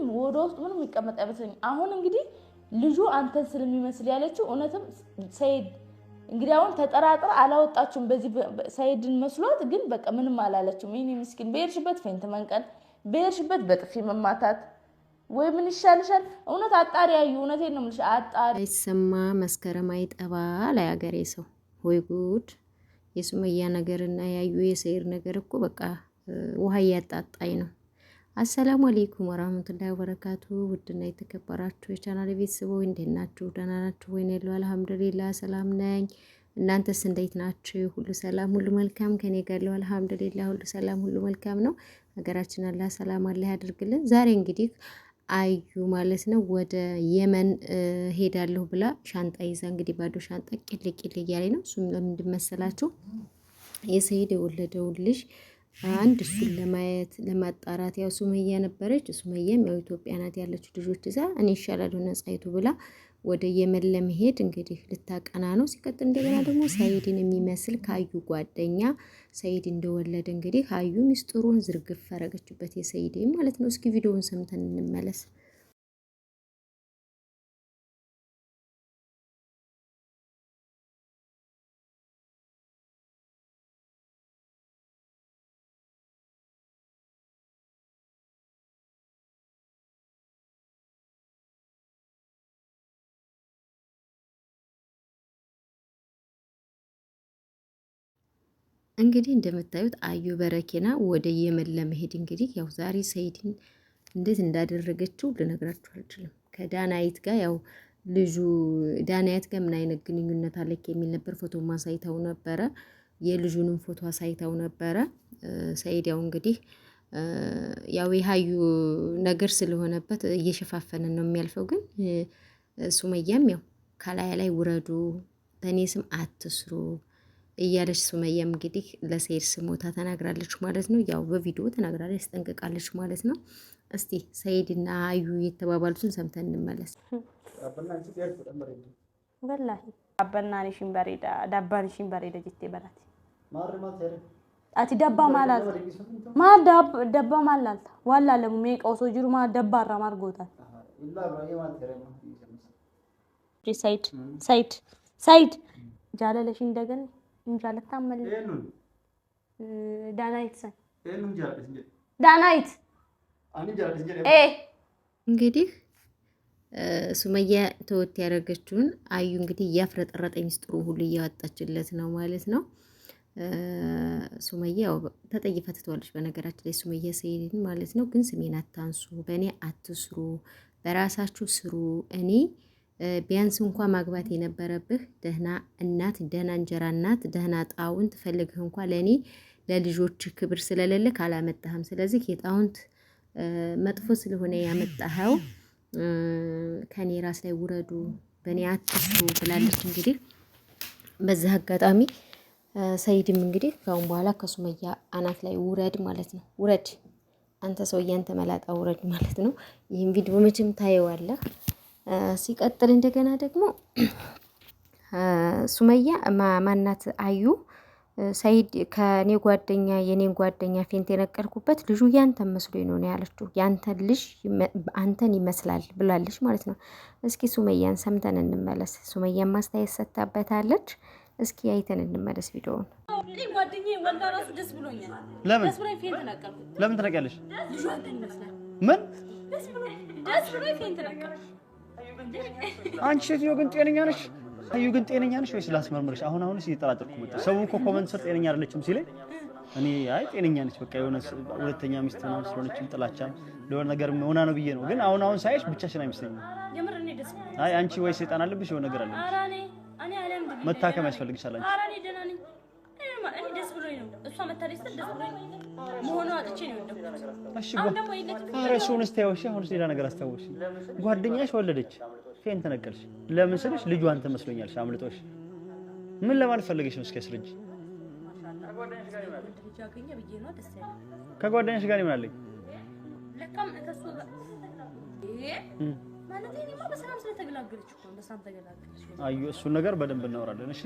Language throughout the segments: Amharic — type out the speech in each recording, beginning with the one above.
ምንም ወደ ውስጥ ምንም የሚቀመጥ አይመስለኝም። አሁን እንግዲህ ልጁ አንተን ስለሚመስል ያለችው እውነትም ሰይድ እንግዲህ አሁን ተጠራጥራ አላወጣችሁም። በዚህ ሰይድን መስሏት ግን በቃ ምንም አላለችም። ይህ ምስኪን በሄድሽበት ፌንት መንቀል፣ በሄድሽበት በጥፊ መማታት ወይ ምን ይሻልሻል? እውነት አጣሪ ያዩ እውነቴን ነው የምልሽ። አጣሪ አይሰማ መስከረም አይጠባ ላይ ሀገሬ ሰው ወይ ጉድ! የሱመያ ነገርና ያዩ የሰይድ ነገር እኮ በቃ ውሃ እያጣጣኝ ነው። አሰላሙ አሌይኩም ወራህመቱላሂ ወበረካቱ ውድና የተከበራችሁ የቻናል ቤተሰቦች እንዴት ናችሁ? ደህና ናችሁ ወይ? ያለው አልሐምዱሊላህ ሰላም ነኝ። እናንተስ እንዴት ናችሁ? ሁሉ ሰላም፣ ሁሉ መልካም ከኔ ጋር ያለው አልሐምዱሊላህ ሁሉ ሰላም፣ ሁሉ መልካም ነው። ሀገራችን አላህ ሰላም አላህ ያድርግልን። ዛሬ እንግዲህ አዩ ማለት ነው ወደ የመን ሄዳለሁ ብላ ሻንጣ ይዛ እንግዲህ ባዶ ሻንጣ ቂል ቂል እያለኝ ነው። እሱም ለምንድን መሰላችሁ የሰይድ የወለደውን ልጅ አንድ እሱን ለማየት ለማጣራት ያው ሱመያ ነበረች። ሱመያም ያው ኢትዮጵያ ናት ያለችው ልጆች እዛ እኔ ይሻላል ነጻ ብላ ወደ የመን ለመሄድ እንግዲህ ልታቀና ነው። ሲቀጥል እንደገና ደግሞ ሰይድን የሚመስል ከአዩ ጓደኛ ሰይድ እንደወለደ እንግዲህ አዩ ሚስጥሩን ዝርግፍ አረገችበት የሰይድ ማለት ነው። እስኪ ቪዲዮውን ሰምተን እንመለስ። እንግዲህ እንደምታዩት አዩ በረኪና ወደ የመን ለመሄድ እንግዲህ ያው ዛሬ ሰይድን እንዴት እንዳደረገችው ልነግራችሁ አልችልም። ከዳናይት ጋር ያው ልጁ ዳናይት ጋር ምን አይነት ግንኙነት አለክ የሚል ነበር። ፎቶም አሳይተው ነበረ፣ የልጁንም ፎቶ አሳይተው ነበረ። ሰይድ ያው እንግዲህ ያው የሀዩ ነገር ስለሆነበት እየሸፋፈንን ነው የሚያልፈው። ግን ሱመያም ያው ከላይ ላይ ውረዱ፣ በእኔ ስም አትስሩ እያለች ሱመያም እንግዲህ ለሰይድ ስሞታ ተናግራለች ማለት ነው። ያው በቪዲዮ ተናግራለች፣ አስጠንቅቃለች ማለት ነው። እስቲ ሰይድና አዩ የተባባሉትን ሰምተን እንመለስ። ዳባንሽን በሬዳ ጅቴ በላት አቲ ደባ ማላል ማ ደባ ማላል ዋላ ለሙ ሜ ቀውሶ ጅሩ ማ ደባ አራ ማርጎታል ሰይድ ሰይድ ሰይድ ጃለለሽ እንደገና እንጃለታመል ዳናይት ዳናይት እንግዲህ ሱመያ ተወት ያደረገችውን አዩ እንግዲህ እያፍረጠረጠ ሚስጥሩ ሁሉ እያወጣችለት ነው ማለት ነው። ሱመያ ተጠይፋ ትተዋለች። በነገራችን ላይ ሱመያ ሰይድን ማለት ነው። ግን ስሜን አታንሱ፣ በእኔ አትስሩ፣ በራሳችሁ ስሩ እኔ ቢያንስ እንኳ ማግባት የነበረብህ ደህና እናት፣ ደህና እንጀራ እናት፣ ደህና ጣውንት ፈልግህ እንኳ ለእኔ ለልጆች ክብር ስለሌለህ አላመጣህም። ስለዚህ የጣውንት መጥፎ ስለሆነ ያመጣኸው ከኔ ራስ ላይ ውረዱ፣ በእኔ አትስቱ ብላለች። እንግዲህ በዚህ አጋጣሚ ሰይድም እንግዲህ ከአሁን በኋላ ከሱመያ አናት ላይ ውረድ ማለት ነው። ውረድ አንተ ሰውዬ፣ አንተ መላጣ ውረድ ማለት ነው። ይህም ቪዲዮ መቼም ታየዋለህ። ሲቀጥል እንደገና ደግሞ ሱመያ ማናት አዩ ሰይድ ከኔ ጓደኛ የኔን ጓደኛ ፌንት የነቀልኩበት ልጁ ያንተን መስሎ ነው ያለችው። ያንተን ልጅ አንተን ይመስላል ብላለች ማለት ነው። እስኪ ሱመያን ሰምተን እንመለስ። ሱመያን ማስተያየት ሰታበታለች። እስኪ አይተን እንመለስ ቪዲዮውን። ለምን ትነቂያለሽ? ምን ደስ ብሎ አንቺ ሴትዮ ግን ጤነኛ ነሽ? አዩ ግን ጤነኛ ነሽ ወይስ ላስመርምርሽ? አሁን አሁን እየጠራጠርኩ መጣሁ። ሰው እኮ ኮመንት ስር ጤነኛ አይደለችም ሲለኝ እኔ አይ ጤነኛ ነች፣ በቃ የሆነ ሁለተኛ ሚስት ምናምን ስለሆነችም ጥላቻ ለሆነ ነገር ሆና ነው ብዬ ነው። ግን አሁን አሁን ሳይሽ ብቻሽን አይመስለኝም። አይ አንቺ ወይ ሰይጣን አለብሽ የሆነ ነገር አለብሽ፣ መታከም ያስፈልግሻል አንቺ እሷ መታለች ስል መሆኗ አጥቼ ነው የወደኩት። አሁን ሌላ ነገር አስታወሽ። ጓደኛሽ ወለደች፣ ፌን ተነቀልሽ። ለምን ስልሽ ልጇን ትመስሎኛልሽ፣ አምልጦሽ። ምን ለማለት ፈለገሽ ነው? እስኪያስ ልጅ ከጓደኛሽ ጋር ምን አለኝ እሱን ነገር በደንብ እናወራለን። እሺ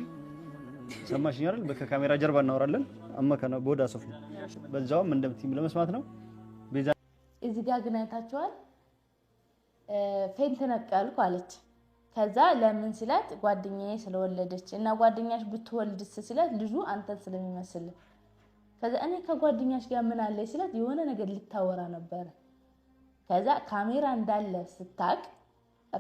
ሰማሽኝ አይደል? በቃ ጀርባ እናወራለን። አመከና ጎዳ ሶፊ በዛውም እንደምትይም ለመስማት ነው። ቤዛ እዚህ ጋር ግን አይታችኋል። ፌንት ነቀልኩ አለች። ከዛ ለምን ሲላት ጓደኛዬ ስለወለደች እና ጓደኛሽ ብትወልድስ ስላት ልጁ አንተን ስለሚመስል ከዛ እኔ ከጓደኛሽ ጋር ምን አለ ስላት የሆነ ነገር ልታወራ ነበረ። ከዛ ካሜራ እንዳለ ስታቅ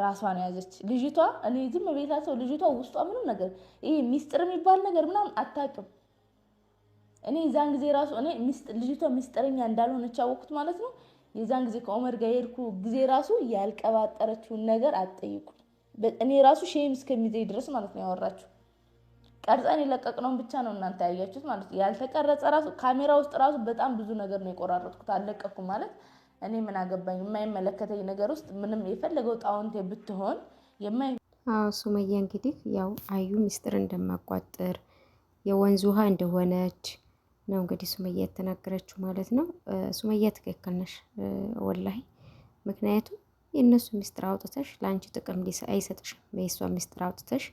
ራሷን ያዘች ልጅቷ። እኔ ዝም ቤታቸው ልጅቷ ውስጧ ምንም ነገር ይሄ ሚስጥር የሚባል ነገር ምናምን አታውቅም። እኔ የዛን ጊዜ ራሱ እኔ ልጅቷ ሚስጥረኛ እንዳልሆነች ያወቅሁት ማለት ነው። የዛን ጊዜ ከኦመር ጋር የሄድኩ ጊዜ ራሱ ያልቀባጠረችውን ነገር አጠይቁ እኔ ራሱ ሼም እስከሚዘይ ድረስ ማለት ነው ያወራችሁ። ቀርጸን የለቀቅነውን ብቻ ነው እናንተ ያያችሁት ማለት ነው። ያልተቀረጸ ራሱ ካሜራ ውስጥ ራሱ በጣም ብዙ ነገር ነው የቆራረጥኩት። አልለቀኩም ማለት እኔ ምን አገባኝ የማይመለከተኝ ነገር ውስጥ ምንም የፈለገው ጣውንቴ ብትሆን የማይ ሱመያ እንግዲህ ያው አዩ ሚስጥር እንደማቋጥር የወንዝ ውሃ እንደሆነች ነው እንግዲህ ሱመያ የተናገረችው ማለት ነው። ሱመያ ትክክል ነሽ ወላሂ። ምክንያቱም የእነሱ ሚስጥር አውጥተሽ ለአንቺ ጥቅም አይሰጥሽም። የእሷ ሚስጥር አውጥተሽ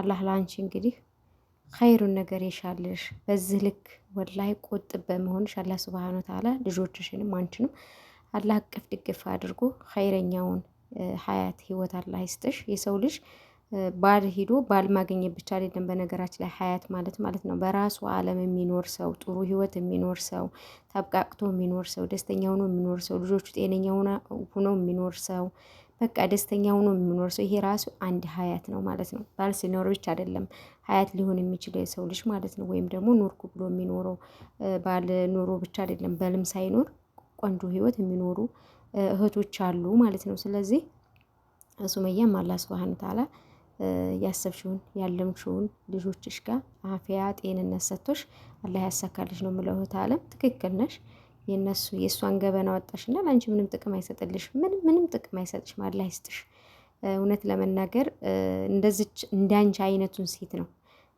አላህ ለአንቺ እንግዲህ ኸይሩን ነገር የሻለሽ በዚህ ልክ ወላሂ ቆጥብ በመሆንሽ አላህ ሱብሃነሁ ወተዓላ ልጆችሽንም አንቺንም አላህ አቀፍ ድግፍ አድርጎ ኸይረኛውን ሀያት ህይወት አላህ ይስጥሽ። የሰው ልጅ ባል ሂዶ ባል ማግኘት ብቻ አይደለም፣ በነገራችን ላይ ሀያት ማለት ማለት ነው። በራሱ ዓለም የሚኖር ሰው፣ ጥሩ ህይወት የሚኖር ሰው፣ ተብቃቅቶ የሚኖር ሰው፣ ደስተኛ ሆኖ የሚኖር ሰው፣ ልጆቹ ጤነኛ ሆኖ የሚኖር ሰው፣ በቃ ደስተኛ ሆኖ የሚኖር ሰው፣ ይሄ ራሱ አንድ ሀያት ነው ማለት ነው። ባል ሲኖር ብቻ አይደለም ሀያት ሊሆን የሚችለው የሰው ልጅ ማለት ነው። ወይም ደግሞ ኖርኩ ብሎ የሚኖረው ባል ኖሮ ብቻ አይደለም፣ በልም ሳይኖር ቆንጆ ህይወት የሚኖሩ እህቶች አሉ ማለት ነው። ስለዚህ ሱመያም አላህ ሱብሃነ ተዓላ ያሰብሽውን ያለምሽውን ልጆችሽ ጋር አፍያ ጤንነት ሰጥቶሽ አላህ ያሳካልሽ ነው የምለው። እህት አለም ትክክል ነሽ። የነሱ የእሷን ገበና ወጣሽና ለአንቺ ምንም ጥቅም አይሰጥልሽ። ምንም ምንም ጥቅም አይሰጥሽ። አላህ ይስጥሽ። እውነት ለመናገር እንደዚች እንዳንቺ አይነቱን ሴት ነው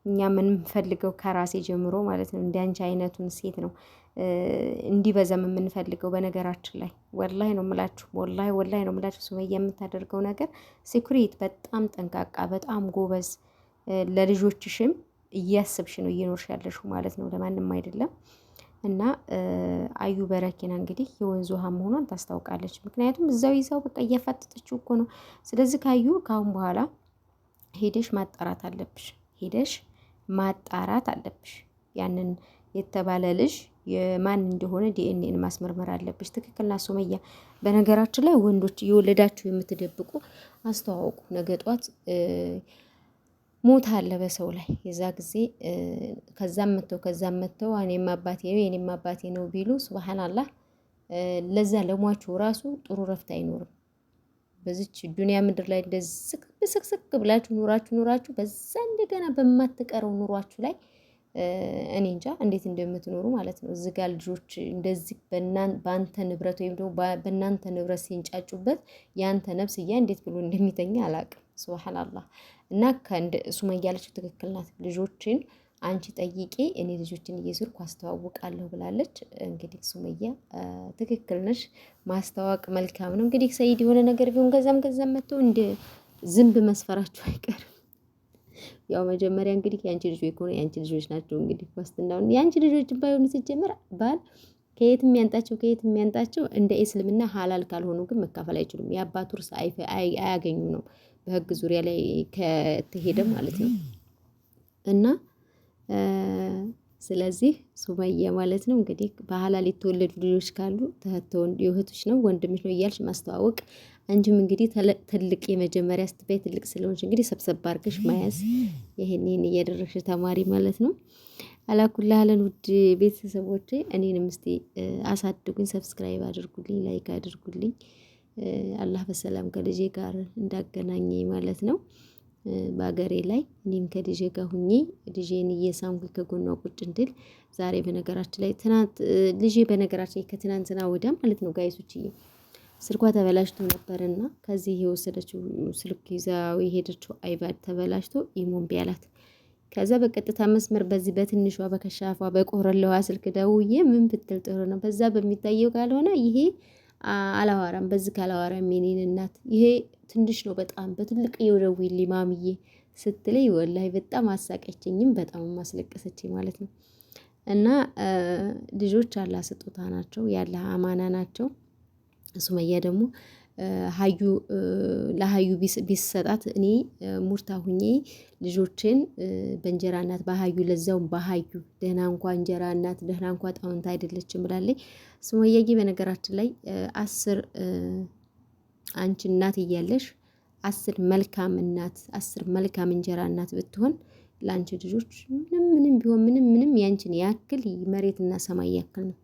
እኛ የምንፈልገው ከራሴ ጀምሮ ማለት ነው እንዲያንቺ አይነቱን ሴት ነው እንዲበዛም የምንፈልገው። በነገራችን ላይ ወላይ ነው ምላችሁ፣ ወላይ ወላይ ነው ምላችሁ። ሱመያ የምታደርገው ነገር ሴኩሪት፣ በጣም ጠንቃቃ፣ በጣም ጎበዝ፣ ለልጆችሽም እያስብሽ ነው እየኖርሽ ያለሽ ማለት ነው፣ ለማንም አይደለም። እና አዩ በረኪና እንግዲህ የወንዝ ውሃ መሆኗን ታስታውቃለች። ምክንያቱም እዛው ይዛው በቃ እያፋጠጠችው እኮ ነው። ስለዚህ ካዩ ከአሁን በኋላ ሄደሽ ማጣራት አለብሽ ሄደሽ ማጣራት አለብሽ። ያንን የተባለ ልጅ የማን እንደሆነ ዲኤንኤን ማስመርመር አለብሽ። ትክክል ሶመያ ሱመያ። በነገራችን ላይ ወንዶች እየወለዳችሁ የምትደብቁ አስተዋውቁ። ነገ ጧት ሞት አለ በሰው ላይ የዛ ጊዜ ከዛም መተው ከዛም መተው እኔም አባቴ ነው የኔም አባቴ ነው ቢሉ ስብሃናላህ ለዛ ለሟቸው ራሱ ጥሩ ረፍት አይኖርም። በዚች ዱንያ ምድር ላይ እንደዚህ ስቅስቅ ብላችሁ ኑራችሁ ኑራችሁ በዛ እንደገና በማትቀረው ኑሯችሁ ላይ እኔ እንጃ እንዴት እንደምትኖሩ ማለት ነው። እዚህ ጋር ልጆች እንደዚህ በአንተ ንብረት ወይም ደግሞ በእናንተ ንብረት ሲንጫጩበት የአንተ እያ እንዴት ብሎ እንደሚተኛ አላቅም። ስብሓን እና ሱመያ ያለችው ትክክል ናት። ልጆችን አንቺ ጠይቂ፣ እኔ ልጆችን እየዞርኩ አስተዋውቃለሁ ብላለች። እንግዲህ ሱመያ ትክክል ነሽ፣ ማስተዋወቅ መልካም ነው። እንግዲህ ሰይድ የሆነ ነገር ቢሆን ገዛም ገዛም መጥቶ እንደ ዝንብ መስፈራቸው አይቀርም። ያው መጀመሪያ እንግዲህ የአንቺ ልጆች ከሆነ የአንቺ ልጆች ናቸው። እንግዲህ ዋስትናውን የአንቺ ልጆች ባይሆኑ ሲጀምር ባል ከየት የሚያንጣቸው ከየት የሚያንጣቸው እንደ እስልምና ሀላል ካልሆኑ ግን መካፈል አይችሉም። የአባት ውርስ አያገኙ ነው በህግ ዙሪያ ላይ ከተሄደ ማለት ነው እና ስለዚህ ሱመያ ማለት ነው እንግዲህ በሀላል የተወለዱ ልጆች ካሉ የእህቶች ነው ወንድምሽ ነው እያልሽ ማስተዋወቅ። አንቺም እንግዲህ ትልቅ የመጀመሪያ ስትባይ ትልቅ ስለሆንሽ እንግዲህ ሰብሰብ አድርገሽ መያዝ ይሄን ይህን እያደረግሽ ተማሪ ማለት ነው። አላኩላህለን ውድ ቤተሰቦች እኔንም እስቲ አሳድጉኝ፣ ሰብስክራይብ አድርጉልኝ፣ ላይክ አድርጉልኝ። አላህ በሰላም ከልጄ ጋር እንዳገናኘ ማለት ነው። በሀገሬ ላይ እኔም ከልጄ ጋር ሆኜ ልጄን እየሳምኩኝ ከጎኗ ቁጭ እንድል ዛሬ በነገራችን ላይ ትናንት ልጄ በነገራችን ላይ ከትናንትና ወዲያ ማለት ነው ጋይሶችዬ ስልኳ ተበላሽቶ ነበር ነበርና ከዚህ የወሰደችው ስልክ ይዛው የሄደችው አይባድ ተበላሽቶ ኢሞን ቢያላት ከዛ በቀጥታ መስመር በዚህ በትንሿ በከሻፏ በቆረለዋ ስልክ ደውዬ ምን ብትል ጥሩ ነው በዛ በሚታየው ካልሆነ ይሄ አላዋራም በዚህ ካላዋራ የኔን እናት ይሄ ትንሽ ነው በጣም በትልቅ የወደዊልኝ ሊማምዬ ስትለኝ ወላሂ በጣም አሳቀችኝም በጣም አስለቀሰችኝ ማለት ነው። እና ልጆች ያላህ ስጦታ ናቸው፣ ያለ አማና ናቸው። ሱመያ ደግሞ ሀዩ ለሀዩ ቢሰጣት እኔ ሙርታ ሁኜ ልጆችን በእንጀራ እናት በሀዩ ለዛውም በሀዩ ደህና እንኳ እንጀራ እናት ደህና እንኳ ጣውንት አይደለችም ብላለች። ስሞያጌ በነገራችን ላይ አስር አንቺ እናት እያለሽ አስር መልካም እናት አስር መልካም እንጀራ እናት ብትሆን ለአንቺ ልጆች ምንም ምንም ቢሆን ምንም ምንም ያንቺን ያክል መሬትና ሰማይ ያክል ነው።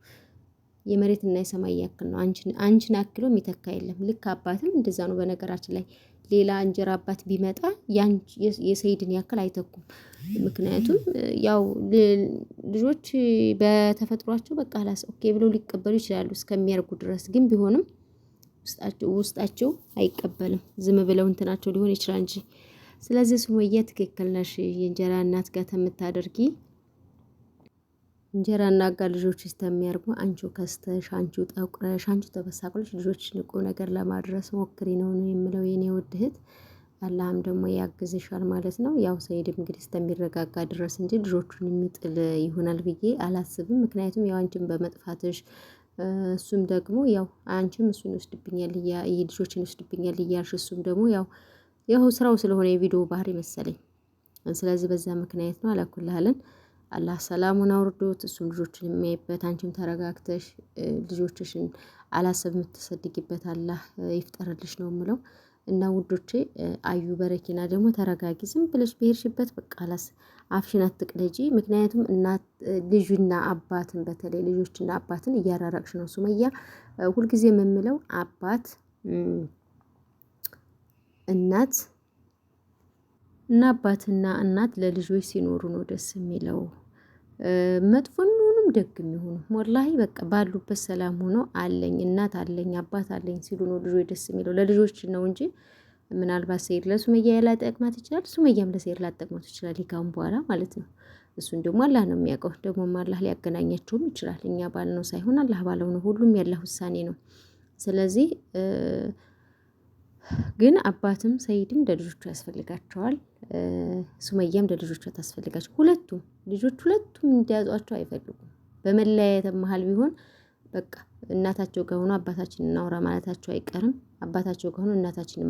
የመሬትና የሰማይ ያክል ነው። አንቺን አክሎ የሚተካ የለም። ልክ አባትም እንደዛ ነው። በነገራችን ላይ ሌላ እንጀራ አባት ቢመጣ የሰይድን ያክል አይተኩም። ምክንያቱም ያው ልጆች በተፈጥሯቸው በቃ ላስ ኦኬ ብለው ሊቀበሉ ይችላሉ እስከሚያርጉ ድረስ ግን ቢሆንም ውስጣቸው አይቀበልም። ዝም ብለው እንትናቸው ሊሆን ይችላል እንጂ ስለዚህ ሱመያ ትክክል ነሽ። የእንጀራ እናት ጋር ከምታደርጊ እንጀራ እናጋ ልጆች እስከሚያርጉ አንቺ ከስተሽ አንቺ ጠቁረሽ አንቺ ተበሳቅሎች ልጆች ቁም ነገር ለማድረስ ሞክሪ ነው ነው የምለው የኔ ውድ እህት። አላህም ደግሞ ያግዝሻል ማለት ነው። ያው ሰይድም እንግዲህ እስከሚረጋጋ ድረስ እንጂ ልጆቹን የሚጥል ይሆናል ብዬ አላስብም። ምክንያቱም ያው አንቺን በመጥፋትሽ እሱም ደግሞ ያው አንቺም እሱን ይወስድብኛል ልጆችን ይወስድብኛል እያልሽ እሱም ደግሞ ያው ያው ስራው ስለሆነ የቪዲዮ ባህሪ መሰለኝ። ስለዚህ በዛ ምክንያት ነው አላኩልሃለን አላህ ሰላሙን አውርዶት እሱም ልጆችን የሚያይበት አንቺም ተረጋግተሽ ልጆችሽን አላሰብ የምትሰድግበት አላህ ይፍጠርልሽ ነው የምለው። እና ውዶቼ አዩ በረኪና ደግሞ ተረጋጊ። ዝም ብለሽ ብሄድሽበት በቃ አላስ አፍሽን አትቅለጂ። ምክንያቱም እናት ልጅና አባትን በተለይ ልጆችና አባትን እያራረቅሽ ነው ሱመያ። ሁልጊዜ የምምለው አባት እናት እና አባትና እናት ለልጆች ሲኖሩ ነው ደስ የሚለው። መጥፎም ይሁኑም ደግ የሚሆኑ ወላሂ በቃ ባሉበት ሰላም ሆኖ አለኝ እናት አለኝ አባት አለኝ ሲሉ ነው ልጆች ደስ የሚለው ለልጆች ነው እንጂ። ምናልባት ሰኢድ ለሱመያ ላይጠቅማት ይችላል ሱመያም ለሰኢድ ላትጠቅመው ይችላል። ካሁን በኋላ ማለት ነው። እሱን ደግሞ አላህ ነው የሚያውቀው ደግሞ አላህ ሊያገናኛቸውም ይችላል እኛ ባልነው ሳይሆን አላህ ባለው ነው ሁሉም ያላህ ውሳኔ ነው። ስለዚህ ግን አባትም ሰይድም ለልጆቹ ያስፈልጋቸዋል። ሱመያም ለልጆቿ ታስፈልጋቸው። ሁለቱም ልጆች ሁለቱም እንዲያዟቸው አይፈልጉም። በመለያየት መሀል ቢሆን በቃ እናታቸው ከሆኑ አባታችን እናውራ ማለታቸው አይቀርም። አባታቸው ከሆኑ እናታችን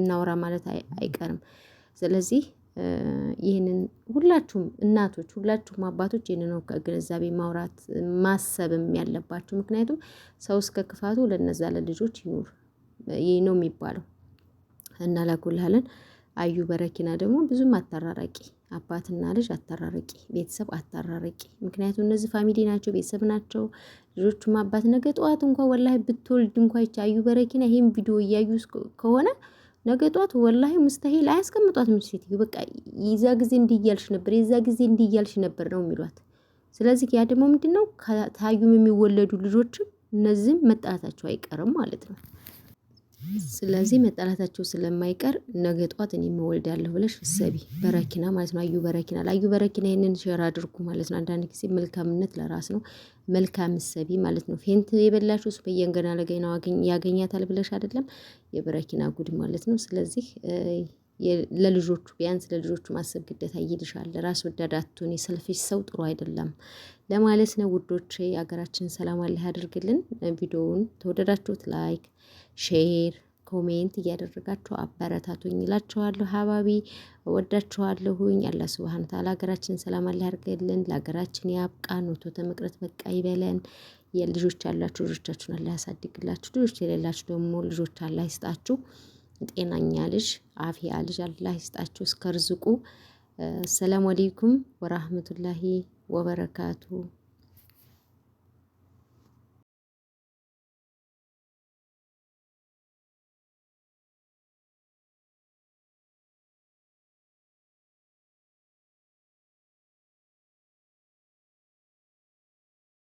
እናውራ ማለት አይቀርም። ስለዚህ ይህንን ሁላችሁም እናቶች፣ ሁላችሁም አባቶች ይህንን ከግንዛቤ ማውራት ማሰብም ያለባቸው ምክንያቱም ሰው እስከ ክፋቱ ለነዛ ለልጆች ይኑር ይህ ነው የሚባለው። እና አዩ በረኪና ደግሞ ብዙም አታራራቂ፣ አባትና ልጅ አታራራቂ፣ ቤተሰብ አታራራቂ። ምክንያቱም እነዚህ ፋሚሊ ናቸው፣ ቤተሰብ ናቸው። ልጆቹም አባት ነገ ጠዋት እንኳ ወላሂ ብትወልድ እንኳ ይቻ አዩ በረኪና ይሄን ቪዲዮ እያዩ ከሆነ ነገ ጠዋት ወላሂ ሙስተሂል አያስቀምጧትም። ሴትዮ በቃ የዛ ጊዜ እንዲያልሽ ነበር፣ የዛ ጊዜ እንዲያልሽ ነበር ነው የሚሏት። ስለዚህ ያ ደግሞ ምንድን ነው ከታዩም የሚወለዱ ልጆችም እነዚህም መጣታቸው አይቀርም ማለት ነው። ስለዚህ መጣላታቸው ስለማይቀር ነገ ጠዋት እኔም እወልዳለሁ ብለሽ እሰቢ። በረኪና ማለት ነው። አዩ በረኪና ላዩ በረኪና ይህንን ሸር አድርጉ ማለት ነው። አንዳንድ ጊዜ መልካምነት ለራስ ነው። መልካም እሰቢ ማለት ነው። ፌንት የበላችሁ ሱመያን ገና ለገና ያገኛታል ብለሽ አይደለም የበረኪና ጉድ ማለት ነው። ስለዚህ ለልጆቹ ቢያንስ ለልጆቹ ማሰብ ግዴታ ይልሻል። ራስ ወዳድ አትሁን። ሰልፊሽ ሰው ጥሩ አይደለም ለማለት ነው ውዶቼ። የሀገራችን ሰላም አላህ ያደርግልን። ቪዲዮውን ተወደዳችሁት ላይክ፣ ሼር፣ ኮሜንት እያደረጋችሁ አበረታቱኝ ይላችኋለሁ። ሀባቢ ወዳችኋለሁኝ። አላ ሱብሃነ ተዓላ ሀገራችን ሰላም አለ ያደርግልን። ለሀገራችን ያብቃን። ወቶ ተመቅረት በቃ ይበለን። የልጆች ያላችሁ ልጆቻችሁን አላ ያሳድግላችሁ። ልጆች የሌላችሁ ደግሞ ልጆች አላ ይስጣችሁ። ጤናኛ ልጅ አፍያ ልጅ አላህ ይስጣችሁ እስከ ርዝቁ። ሰላም አለይኩም ወራህመቱላሂ ወበረካቱ።